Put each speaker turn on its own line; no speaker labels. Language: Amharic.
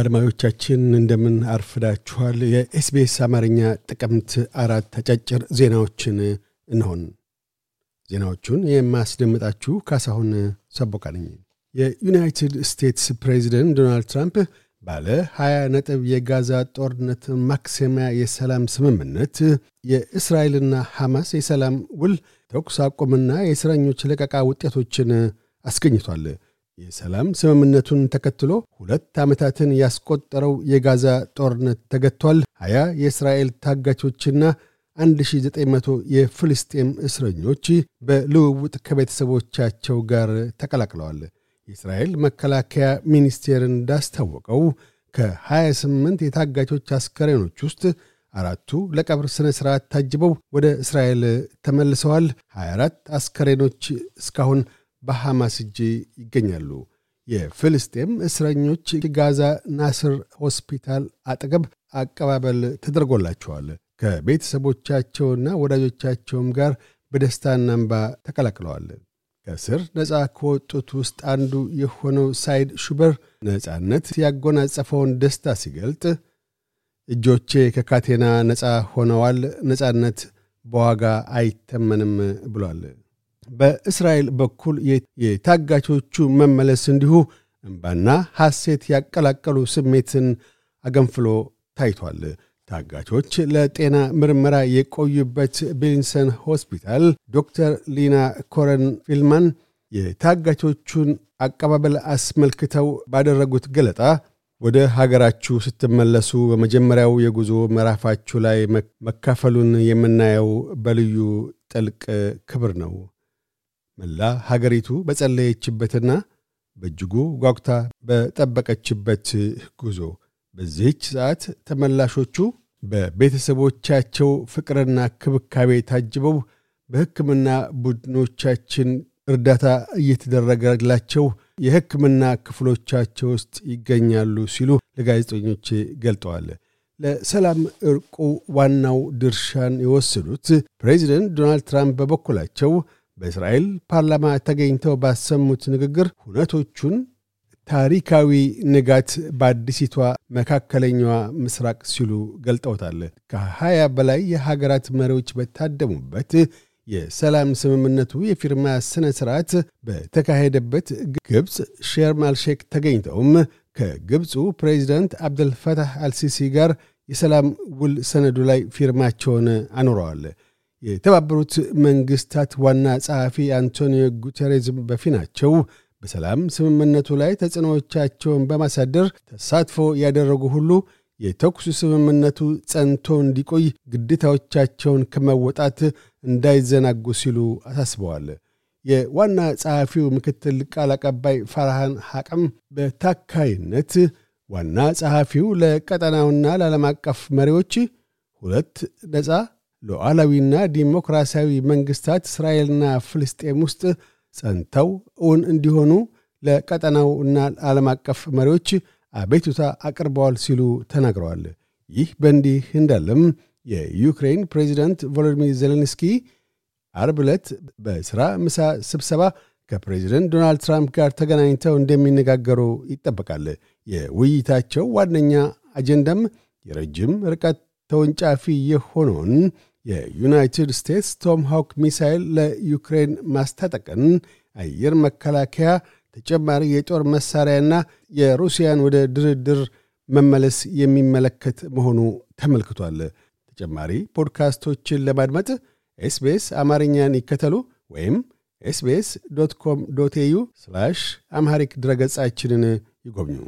አድማጮቻችን እንደምን አርፍዳችኋል። የኤስቤስ አማርኛ ጥቅምት አራት ተጫጭር ዜናዎችን እንሆን። ዜናዎቹን የማስደምጣችሁ ካሳሁን ሰቦቃ ነኝ። የዩናይትድ ስቴትስ ፕሬዚደንት ዶናልድ ትራምፕ ባለ 20 ነጥብ የጋዛ ጦርነት ማክሰሚያ የሰላም ስምምነት፣ የእስራኤልና ሐማስ የሰላም ውል፣ ተኩስ አቁምና የእስረኞች ለቀቃ ውጤቶችን አስገኝቷል። የሰላም ስምምነቱን ተከትሎ ሁለት ዓመታትን ያስቆጠረው የጋዛ ጦርነት ተገጥቷል። 20 የእስራኤል ታጋቾችና 1900 የፍልስጤም እስረኞች በልውውጥ ከቤተሰቦቻቸው ጋር ተቀላቅለዋል። የእስራኤል መከላከያ ሚኒስቴር እንዳስታወቀው ከ28 የታጋቾች አስከሬኖች ውስጥ አራቱ ለቀብር ሥነ ሥርዓት ታጅበው ወደ እስራኤል ተመልሰዋል። 24 አስከሬኖች እስካሁን በሐማስ እጅ ይገኛሉ። የፍልስጤም እስረኞች ጋዛ ናስር ሆስፒታል አጠገብ አቀባበል ተደርጎላቸዋል። ከቤተሰቦቻቸውና ወዳጆቻቸውም ጋር በደስታና እንባ ተቀላቅለዋል። ከእስር ነፃ ከወጡት ውስጥ አንዱ የሆነው ሳይድ ሹበር ነፃነት ያጎናጸፈውን ደስታ ሲገልጥ እጆቼ ከካቴና ነፃ ሆነዋል፣ ነፃነት በዋጋ አይተመንም ብሏል። በእስራኤል በኩል የታጋቾቹ መመለስ እንዲሁ እንባና ሐሴት ያቀላቀሉ ስሜትን አገንፍሎ ታይቷል። ታጋቾች ለጤና ምርመራ የቆዩበት ቤሊንሰን ሆስፒታል ዶክተር ሊና ኮረን ፊልማን የታጋቾቹን አቀባበል አስመልክተው ባደረጉት ገለጣ ወደ ሀገራችሁ ስትመለሱ በመጀመሪያው የጉዞ ምዕራፋችሁ ላይ መካፈሉን የምናየው በልዩ ጥልቅ ክብር ነው። መላ ሀገሪቱ በጸለየችበትና በእጅጉ ጓጉታ በጠበቀችበት ጉዞ በዚህች ሰዓት ተመላሾቹ በቤተሰቦቻቸው ፍቅርና ክብካቤ ታጅበው በሕክምና ቡድኖቻችን እርዳታ እየተደረገላቸው የሕክምና ክፍሎቻቸው ውስጥ ይገኛሉ ሲሉ ለጋዜጠኞች ገልጠዋል። ለሰላም እርቁ ዋናው ድርሻን የወሰዱት ፕሬዚደንት ዶናልድ ትራምፕ በበኩላቸው በእስራኤል ፓርላማ ተገኝተው ባሰሙት ንግግር ሁነቶቹን ታሪካዊ ንጋት በአዲሲቷ መካከለኛዋ ምስራቅ ሲሉ ገልጠውታል። ከሀያ በላይ የሀገራት መሪዎች በታደሙበት የሰላም ስምምነቱ የፊርማ ስነ ስርዓት በተካሄደበት ግብፅ ሼርማልሼክ ተገኝተውም ከግብፁ ፕሬዚዳንት አብደልፈታህ አልሲሲ ጋር የሰላም ውል ሰነዱ ላይ ፊርማቸውን አኑረዋል። የተባበሩት መንግስታት ዋና ጸሐፊ አንቶኒዮ ጉተሬዝ በፊናቸው በሰላም ስምምነቱ ላይ ተጽዕኖዎቻቸውን በማሳደር ተሳትፎ ያደረጉ ሁሉ የተኩስ ስምምነቱ ጸንቶ እንዲቆይ ግዴታዎቻቸውን ከመወጣት እንዳይዘናጉ ሲሉ አሳስበዋል። የዋና ጸሐፊው ምክትል ቃል አቀባይ ፈርሃን ሐቅም በታካይነት ዋና ጸሐፊው ለቀጠናውና ለዓለም አቀፍ መሪዎች ሁለት ነፃ ሉዓላዊና ዲሞክራሲያዊ መንግስታት እስራኤልና ፍልስጤም ውስጥ ጸንተው እውን እንዲሆኑ እና ዓለም አቀፍ መሪዎች አቤቱታ አቅርበዋል ሲሉ ተናግረዋል። ይህ በእንዲህ እንዳለም የዩክሬን ፕሬዚደንት ቮሎዲሚር ዜሌንስኪ አርብ ዕለት በሥራ ምሳ ስብሰባ ከፕሬዚደንት ዶናልድ ትራምፕ ጋር ተገናኝተው እንደሚነጋገሩ ይጠበቃል። የውይይታቸው ዋነኛ አጀንዳም የረጅም ርቀት ተወንጫፊ የሆነውን የዩናይትድ ስቴትስ ቶም ሃውክ ሚሳይል ለዩክሬን ማስታጠቅን፣ አየር መከላከያ፣ ተጨማሪ የጦር መሳሪያና የሩሲያን ወደ ድርድር መመለስ የሚመለከት መሆኑ ተመልክቷል። ተጨማሪ ፖድካስቶችን ለማድመጥ ኤስቤስ አማርኛን ይከተሉ ወይም ኤስቤስ ዶት ኮም ዶት ኤዩ አምሃሪክ ድረገጻችንን ይጎብኙ።